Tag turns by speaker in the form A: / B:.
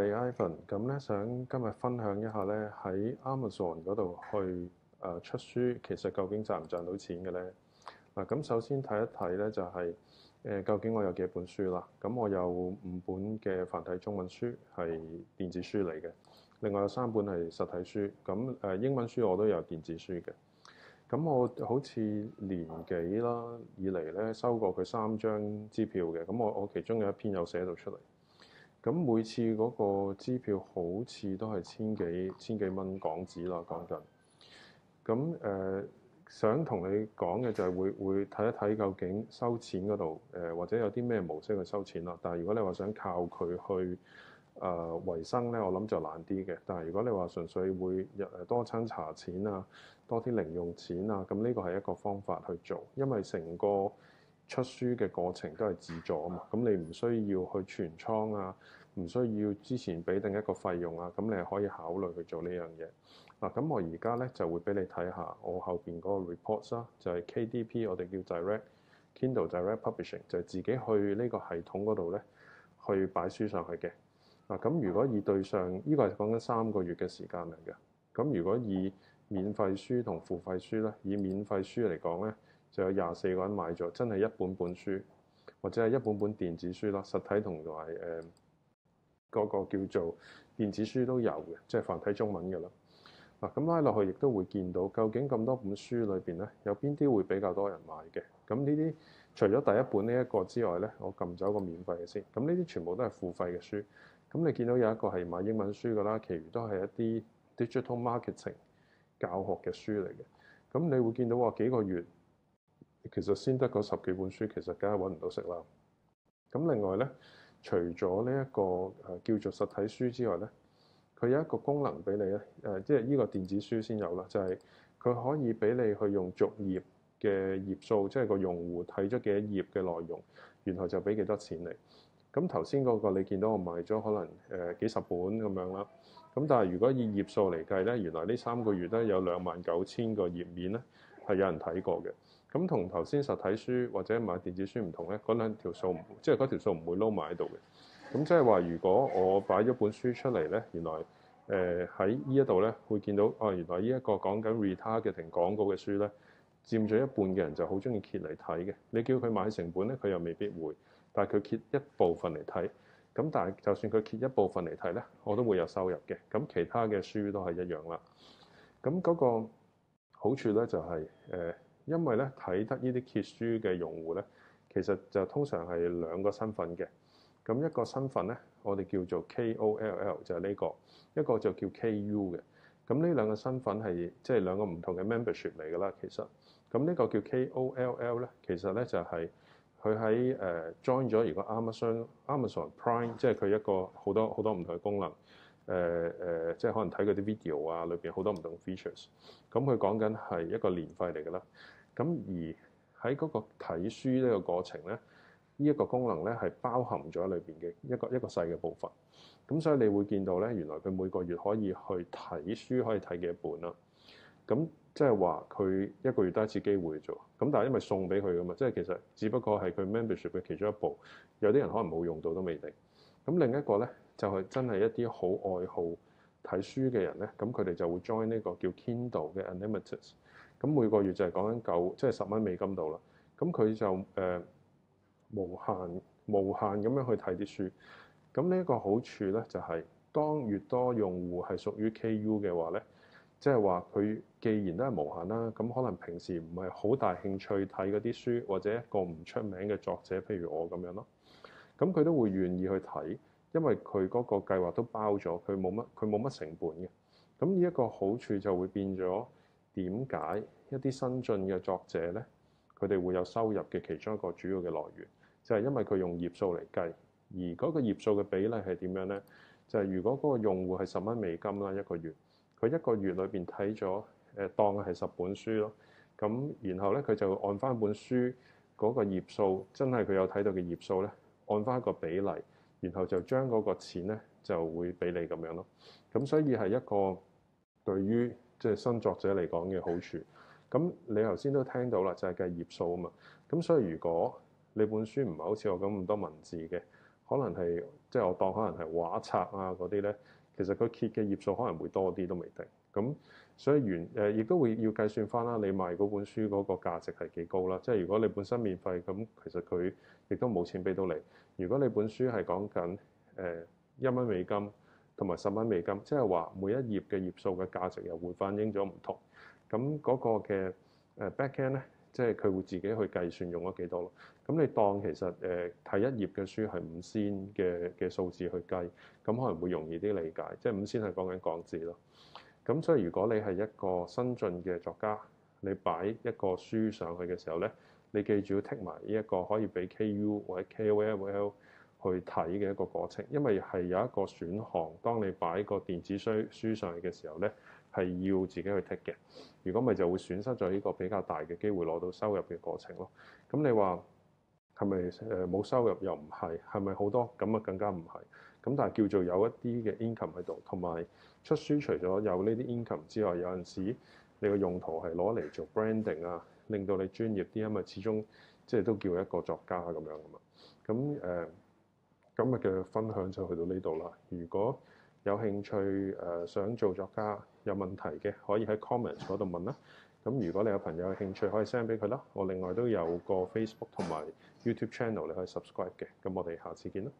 A: 係，Ivan 咁咧，想今日分享一下咧，喺 Amazon 嗰度去誒出書，其實究竟賺唔賺到錢嘅咧？嗱，咁首先睇一睇咧，就係誒究竟我有幾本書啦？咁我有五本嘅繁體中文書係電子書嚟嘅，另外有三本係實體書。咁誒英文書我都有電子書嘅。咁我好似年幾啦以嚟咧收過佢三張支票嘅。咁我我其中有一篇有寫到出嚟。咁每次嗰個支票好似都係千幾千幾蚊港紙咯，講緊。咁誒、呃，想同你講嘅就係會會睇一睇究竟收錢嗰度誒，或者有啲咩模式去收錢啦。但係如果你話想靠佢去誒、呃、維生咧，我諗就難啲嘅。但係如果你話純粹會誒多餐茶錢啊，多啲零用錢啊，咁呢個係一個方法去做，因為成個出書嘅過程都係自助啊嘛，咁你唔需要去存倉啊，唔需要之前俾定一個費用啊，咁你可以考慮去做呢樣嘢嗱。咁我而家咧就會俾你睇下我後邊嗰個 report 啦，就係 KDP 我哋叫 Direct Kindle Direct Publishing，就係自己去呢個系統嗰度咧去擺書上去嘅嗱。咁如果以對上呢個係講緊三個月嘅時間嚟嘅，咁如果以免費書同付費書咧，以免費書嚟講咧。就有廿四個人買咗，真係一本本書或者係一本本電子書啦。實體同埋誒嗰個叫做電子書都有嘅，即係繁體中文嘅啦。咁拉落去，亦都會見到究竟咁多本書裏邊呢，有邊啲會比較多人買嘅？咁呢啲除咗第一本呢一個之外呢，我撳走個免費嘅先。咁呢啲全部都係付費嘅書。咁你見到有一個係買英文書㗎啦，其餘都係一啲 Digital Marketing 教學嘅書嚟嘅。咁你會見到話幾個月。其實先得嗰十幾本書，其實梗係揾唔到食啦。咁另外咧，除咗呢一個誒叫做實體書之外咧，佢有一個功能俾你咧，誒即係呢個電子書先有啦，就係佢可以俾你去用逐頁嘅頁數，即係個用戶睇咗幾多頁嘅內容，然後就俾幾多錢你。咁頭先嗰個你見到我賣咗可能誒幾十本咁樣啦。咁但係如果以頁數嚟計咧，原來呢三個月咧有兩萬九千個頁面咧係有人睇過嘅。咁同頭先實體書或者買電子書唔同咧，嗰兩條數即係嗰條數唔會撈埋喺度嘅。咁即係話，如果我擺咗本書出嚟咧，原來誒喺、呃、呢一度咧，會見到哦、呃，原來呢一個講緊 retargeting 廣告嘅書咧，佔咗一半嘅人就好鍾意揭嚟睇嘅。你叫佢買成本咧，佢又未必會，但係佢揭一部分嚟睇。咁但係就算佢揭一部分嚟睇咧，我都會有收入嘅。咁其他嘅書都係一樣啦。咁嗰個好處咧就係、是、誒。呃因為咧睇得揭呢啲揭書嘅用戶咧，其實就通常係兩個身份嘅。咁一個身份咧，我哋叫做 K O L L，就係呢、這個；一個就叫 K U 嘅。咁呢兩個身份係即係兩個唔同嘅 membership 嚟㗎啦。其實咁呢個叫 K O L L 咧，其實咧就係、是、佢喺誒 join、呃、咗如果 Amazon Amazon Prime，即係佢一個好多好多唔同嘅功能誒誒、呃呃，即係可能睇嗰啲 video 啊，裏邊好多唔同 features。咁佢講緊係一個年費嚟㗎啦。咁而喺嗰個睇書呢個過程呢，呢一個功能呢係包含咗裏邊嘅一個一個細嘅部分。咁所以你會見到呢，原來佢每個月可以去睇書，可以睇幾本啦。咁即係話佢一個月得一次機會啫。咁但係因為送俾佢噶嘛，即係其實只不過係佢 membership 嘅其中一部。有啲人可能冇用到都未定。咁另一個呢，就係真係一啲好愛好，睇書嘅人呢，咁佢哋就會 join 呢個叫 Kindle 嘅 Unlimited，咁每個月就係講緊九，即係十蚊美金度啦。咁佢就誒無限無限咁樣去睇啲書。咁呢一個好處呢、就是，就係當越多用戶係屬於 KU 嘅話呢，即係話佢既然都係無限啦，咁可能平時唔係好大興趣睇嗰啲書，或者一個唔出名嘅作者，譬如我咁樣咯，咁佢都會願意去睇。因為佢嗰個計劃都包咗，佢冇乜佢冇乜成本嘅。咁呢一個好處就會變咗點解一啲新進嘅作者呢，佢哋會有收入嘅其中一個主要嘅來源，就係因為佢用頁數嚟計，而嗰個頁數嘅比例係點樣呢？就係如果嗰個用戶係十蚊美金啦一個月，佢一個月裏邊睇咗誒當係十本書咯，咁然後呢，佢就按翻本書嗰個頁數，真係佢有睇到嘅頁數呢，按翻一個比例。然後就將嗰個錢咧就會俾你咁樣咯，咁所以係一個對於即係新作者嚟講嘅好處。咁你頭先都聽到啦，就係計頁數啊嘛。咁所以如果你本書唔係好似我咁咁多文字嘅，可能係即係我當可能係畫冊啊嗰啲咧，其實佢揭嘅頁數可能會多啲都未定。咁所以原誒亦都會要計算翻啦。你賣嗰本書嗰個價值係幾高啦？即係如果你本身免費咁，其實佢亦都冇錢俾到你。如果你本書係講緊誒一蚊美金同埋十蚊美金，即係話每一頁嘅頁數嘅價值又會反映咗唔同。咁嗰個嘅誒 back end 咧，即係佢會自己去計算用咗幾多咯。咁你當其實誒睇、呃、一頁嘅書係五仙嘅嘅數字去計，咁可能會容易啲理解。即係五仙係講緊港紙咯。咁所以如果你係一個新進嘅作家，你擺一個書上去嘅時候咧，你記住要剔埋呢一個可以俾 KU 或者 KOL 去睇嘅一個過程，因為係有一個選項，當你擺個電子書書上去嘅時候咧，係要自己去剔嘅。如果咪就會損失咗呢個比較大嘅機會攞到收入嘅過程咯。咁你話係咪誒冇收入又唔係？係咪好多？咁啊更加唔係。咁但係叫做有一啲嘅 income 喺度，同埋出書除咗有呢啲 income 之外，有陣時你個用途係攞嚟做 branding 啊，令到你專業啲，因為始終即係都叫一個作家咁樣噶嘛。咁誒、呃，今日嘅分享就去到呢度啦。如果有興趣誒、呃、想做作家，有問題嘅可以喺 comments 嗰度問啦。咁如果你有朋友有興趣，可以 send 俾佢啦。我另外都有個 Facebook 同埋 YouTube channel 你可以 subscribe 嘅。咁我哋下次見啦。